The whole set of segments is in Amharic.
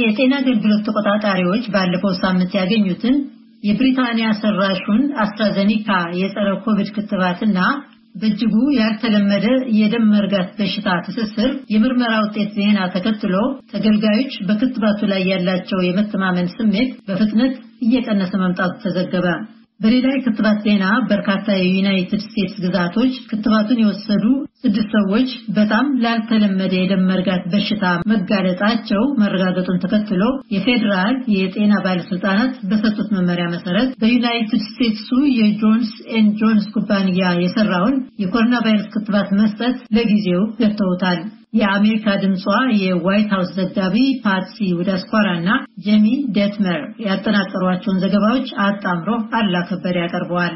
የጤና አገልግሎት ተቆጣጣሪዎች ባለፈው ሳምንት ያገኙትን የብሪታንያ ሰራሹን አስትራዘኒካ የጸረ ኮቪድ ክትባትና በእጅጉ ያልተለመደ የደም መርጋት በሽታ ትስስር የምርመራ ውጤት ዜና ተከትሎ ተገልጋዮች በክትባቱ ላይ ያላቸው የመተማመን ስሜት በፍጥነት እየቀነሰ መምጣቱ ተዘገበ። በሌላ የክትባት ዜና በርካታ የዩናይትድ ስቴትስ ግዛቶች ክትባቱን የወሰዱ ስድስት ሰዎች በጣም ላልተለመደ የደም መርጋት በሽታ መጋለጣቸው መረጋገጡን ተከትሎ የፌዴራል የጤና ባለስልጣናት በሰጡት መመሪያ መሰረት በዩናይትድ ስቴትሱ የጆንስ ኤንድ ጆንስ ኩባንያ የሰራውን የኮሮና ቫይረስ ክትባት መስጠት ለጊዜው ገብተውታል። የአሜሪካ ድምጿ የዋይት ሀውስ ዘጋቢ ፓትሲ ውዳስኳራ እና ጄሚ ደትመር ያጠናቀሯቸውን ዘገባዎች አጣምሮ አላ ያቀርበዋል።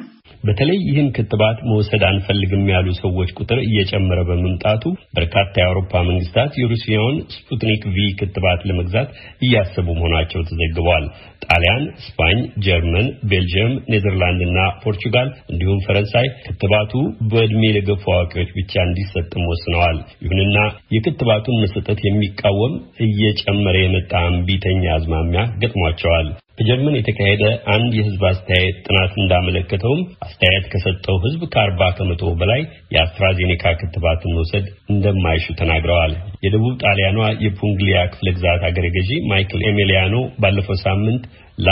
በተለይ ይህን ክትባት መውሰድ አንፈልግም ያሉ ሰዎች ቁጥር እየጨመረ በመምጣቱ በርካታ የአውሮፓ መንግስታት የሩሲያውን ስፑትኒክ ቪ ክትባት ለመግዛት እያሰቡ መሆናቸው ተዘግቧል። ጣሊያን፣ ስፓኝ፣ ጀርመን፣ ቤልጅየም፣ ኔዘርላንድ እና ፖርቹጋል እንዲሁም ፈረንሳይ ክትባቱ በእድሜ ለገፉ አዋቂዎች ብቻ እንዲሰጥም ወስነዋል። ይሁንና የክትባቱን መሰጠት የሚቃወም እየጨመረ የመጣ እምቢተኛ አዝማሚያ ገጥሟቸዋል። በጀርመን የተካሄደ አንድ የህዝብ አስተያየት ጥናት እንዳመለከተውም አስተያየት ከሰጠው ህዝብ ከአርባ ከመቶ በላይ የአስትራዜኔካ ክትባትን መውሰድ እንደማይሹ ተናግረዋል። የደቡብ ጣሊያኗ የፑንግሊያ ክፍለ ግዛት አገረ ገዢ ማይክል ኤሜሊያኖ ባለፈው ሳምንት ላ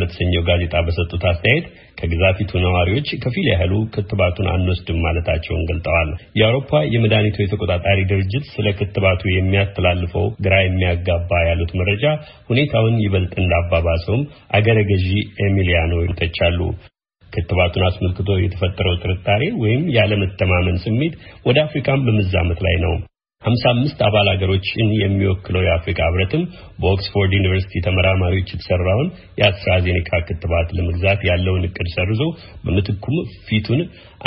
ለተሰኘው ጋዜጣ በሰጡት አስተያየት ከግዛፊቱ ነዋሪዎች ከፊል ያህሉ ክትባቱን አንወስድም ማለታቸውን ገልጠዋል። የአውሮፓ የመድኃኒቱ የተቆጣጣሪ ድርጅት ስለ ክትባቱ የሚያስተላልፈው ግራ የሚያጋባ ያሉት መረጃ ሁኔታውን ይበልጥ እንዳባባሰውም አገረ ገዢ ኤሚሊያኖ ይተቻሉ። ክትባቱን አስመልክቶ የተፈጠረው ጥርጣሬ ወይም ያለመተማመን ስሜት ወደ አፍሪካም በመዛመት ላይ ነው። ሀምሳ አምስት አባል ሀገሮችን የሚወክለው የአፍሪካ ህብረትም በኦክስፎርድ ዩኒቨርሲቲ ተመራማሪዎች የተሰራውን የአስትራዜኔካ ክትባት ለመግዛት ያለውን እቅድ ሰርዞ በምትኩም ፊቱን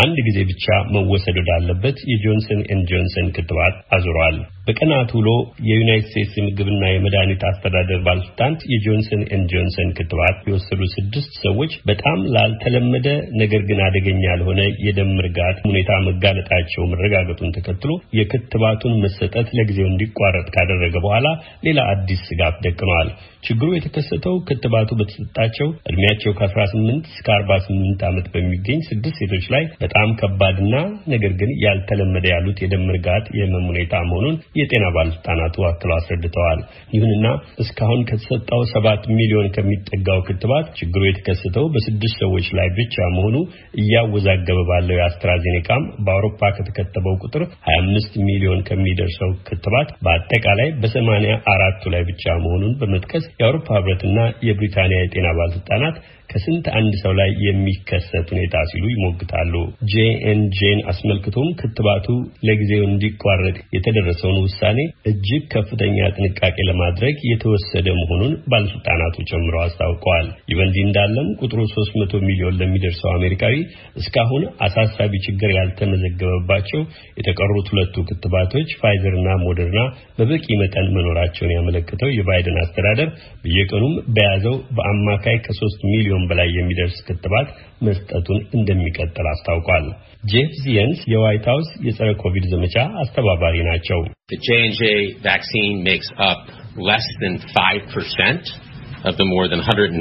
አንድ ጊዜ ብቻ መወሰድ ወዳለበት የጆንሰን ኤንድ ጆንሰን ክትባት አዙሯል። በቀናት ውሎ የዩናይትድ ስቴትስ የምግብና የመድኃኒት አስተዳደር ባለስልጣን የጆንሰን ኤንድ ጆንሰን ክትባት የወሰዱ ስድስት ሰዎች በጣም ላልተለመደ ነገር ግን አደገኛ ለሆነ የደም መርጋት ሁኔታ መጋለጣቸው መረጋገጡን ተከትሎ የክትባቱን መሰጠት ለጊዜው እንዲቋረጥ ካደረገ በኋላ ሌላ አዲስ ስጋት ደቅነዋል። ችግሩ የተከሰተው ክትባቱ በተሰጣቸው እድሜያቸው ከ18 እስከ 48 ዓመት በሚገኝ ስድስት ሴቶች ላይ በጣም ከባድና ነገር ግን ያልተለመደ ያሉት የደም መርጋት የህመም ሁኔታ መሆኑን የጤና ባለስልጣናቱ አክለው አስረድተዋል። ይሁንና እስካሁን ከተሰጠው ሰባት ሚሊዮን ከሚጠጋው ክትባት ችግሩ የተከሰተው በስድስት ሰዎች ላይ ብቻ መሆኑ እያወዛገበ ባለው የአስትራዜኔካም በአውሮፓ ከተከተበው ቁጥር 25 ሚሊዮን ከሚደርሰው ክትባት በአጠቃላይ በሰማንያ አራቱ ላይ ብቻ መሆኑን በመጥቀስ የአውሮፓ ህብረትና የብሪታንያ የጤና ባለስልጣናት ከስንት አንድ ሰው ላይ የሚከሰት ሁኔታ ሲሉ ይሞግታሉ። ጄኤንጄን አስመልክቶም ክትባቱ ለጊዜው እንዲቋረጥ የተደረሰውን ውሳኔ እጅግ ከፍተኛ ጥንቃቄ ለማድረግ የተወሰደ መሆኑን ባለስልጣናቱ ጨምረው አስታውቀዋል። ይህ በእንዲህ እንዳለም ቁጥሩ 300 ሚሊዮን ለሚደርሰው አሜሪካዊ እስካሁን አሳሳቢ ችግር ያልተመዘገበባቸው የተቀሩት ሁለቱ ክትባቶች ፋይዘርና ሞደርና በበቂ መጠን መኖራቸውን ያመለክተው የባይደን አስተዳደር በየቀኑም በያዘው በአማካይ ከ3 ሚሊዮን በላይ የሚደርስ ክትባት መስጠቱን እንደሚቀጥል አስታውቋል። ጄፍ ዚየንስ የዋይት ሀውስ የጸረ ኮቪድ ዘመቻ አስተባባሪ ናቸው። the J&J vaccine makes up less than 5% of the more than 190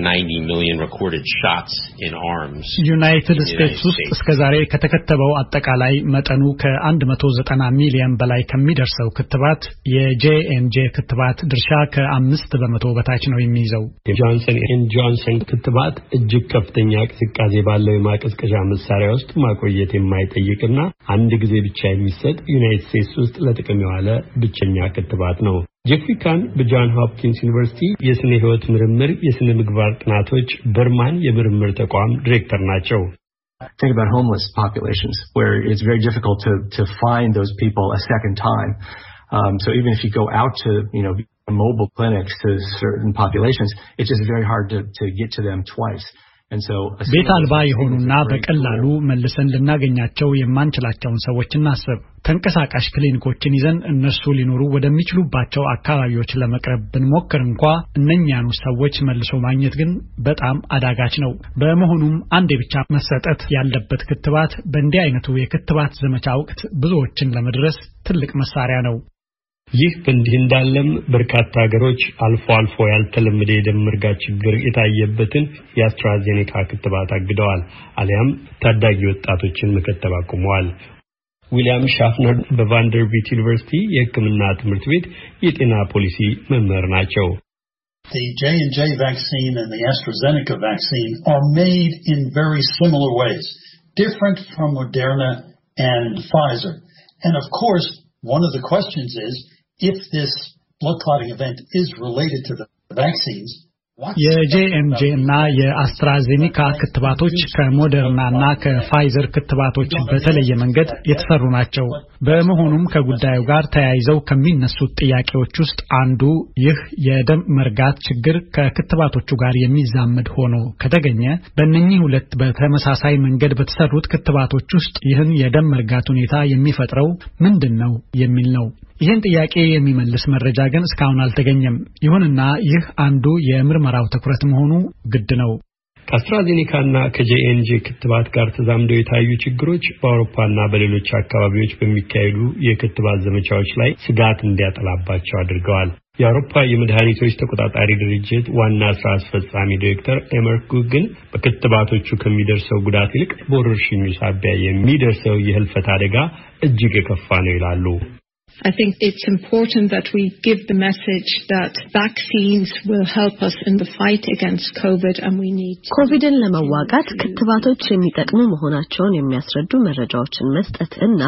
million recorded shots in arms ዩናይትድ ስቴትስ ውስጥ እስከ ዛሬ ከተከተበው አጠቃላይ መጠኑ ከ190 ሚሊዮን በላይ ከሚደርሰው ክትባት የጄኤንጄ ክትባት ድርሻ ከአምስት በመቶ በታች ነው የሚይዘው። የጆንሰን ኤንድ ጆንሰን ክትባት እጅግ ከፍተኛ ቅዝቃዜ ባለው የማቀዝቀዣ መሳሪያ ውስጥ ማቆየት የማይጠይቅና አንድ ጊዜ ብቻ የሚሰጥ ዩናይትድ ስቴትስ ውስጥ ለጥቅም የዋለ ብቸኛ ክትባት ነው። ጄፍሪ ካን ሆፕኪንስ ዩኒቨርሲቲ የስነ ምርምር የስነ ምግባር ጥናቶች በርማን የምርምር ተቋም ዲሬክተር ናቸው። Think about homeless populations where it's very difficult to to find those people a second time. Um, so even if you go out to you know mobile clinics to certain populations, it's just very hard to to get to them twice. ቤት አልባ የሆኑና በቀላሉ መልሰን ልናገኛቸው የማንችላቸውን ሰዎች እናስብ። ተንቀሳቃሽ ክሊኒኮችን ይዘን እነሱ ሊኖሩ ወደሚችሉባቸው አካባቢዎች ለመቅረብ ብንሞክር እንኳ እነኛኑ ሰዎች መልሶ ማግኘት ግን በጣም አዳጋች ነው። በመሆኑም አንዴ ብቻ መሰጠት ያለበት ክትባት በእንዲህ አይነቱ የክትባት ዘመቻ ወቅት ብዙዎችን ለመድረስ ትልቅ መሳሪያ ነው። ይህ በእንዲህ እንዳለም በርካታ ሀገሮች አልፎ አልፎ ያልተለመደ የደም እርጋት ችግር የታየበትን የአስትራዜኔካ ክትባት አግደዋል አሊያም ታዳጊ ወጣቶችን መከተብ አቁመዋል። ዊሊያም ሻፍነር በቫንደርቢት ዩኒቨርሲቲ የህክምና ትምህርት ቤት የጤና ፖሊሲ መምህር ናቸው። vaccine ቫክሲን the AstraZeneca ቫክሲን are ሜድ ኢን ቨሪ similar ways, different from Moderna and ፋይዘር And of course, one of the questions is if this blood clotting event is related to the vaccines, የጄኤምጄ እና የአስትራዜኒካ ክትባቶች ከሞደርና እና ከፋይዘር ክትባቶች በተለየ መንገድ የተሰሩ ናቸው። በመሆኑም ከጉዳዩ ጋር ተያይዘው ከሚነሱት ጥያቄዎች ውስጥ አንዱ ይህ የደም መርጋት ችግር ከክትባቶቹ ጋር የሚዛመድ ሆኖ ከተገኘ በእነኚህ ሁለት በተመሳሳይ መንገድ በተሰሩት ክትባቶች ውስጥ ይህን የደም መርጋት ሁኔታ የሚፈጥረው ምንድን ነው የሚል ነው። ይህን ጥያቄ የሚመልስ መረጃ ግን እስካሁን አልተገኘም። ይሁንና ይህ አንዱ የምርመራው ትኩረት መሆኑ ግድ ነው። ከአስትራዜኔካና ከጄኤንጄ ክትባት ጋር ተዛምደው የታዩ ችግሮች በአውሮፓና በሌሎች አካባቢዎች በሚካሄዱ የክትባት ዘመቻዎች ላይ ስጋት እንዲያጠላባቸው አድርገዋል። የአውሮፓ የመድኃኒቶች ተቆጣጣሪ ድርጅት ዋና ስራ አስፈጻሚ ዲሬክተር ኤመርኩ ግን በክትባቶቹ ከሚደርሰው ጉዳት ይልቅ በወረርሽኙ ሳቢያ የሚደርሰው የህልፈት አደጋ እጅግ የከፋ ነው ይላሉ። I think it's important that we give the message that vaccines will help us in the fight against COVID and we need ኮቪድን ለመዋጋት ክትባቶች የሚጠቅሙ መሆናቸውን የሚያስረዱ መረጃዎችን መስጠት እና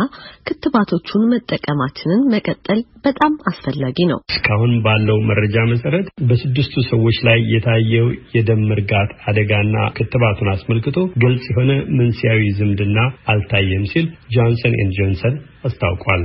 ክትባቶቹን መጠቀማችንን መቀጠል በጣም አስፈላጊ ነው። እስካሁን ባለው መረጃ መሰረት በስድስቱ ሰዎች ላይ የታየው የደም እርጋት አደጋና ክትባቱን አስመልክቶ ግልጽ የሆነ መንስኤያዊ ዝምድና አልታየም ሲል ጆንሰን ኤንድ ጆንሰን አስታውቋል።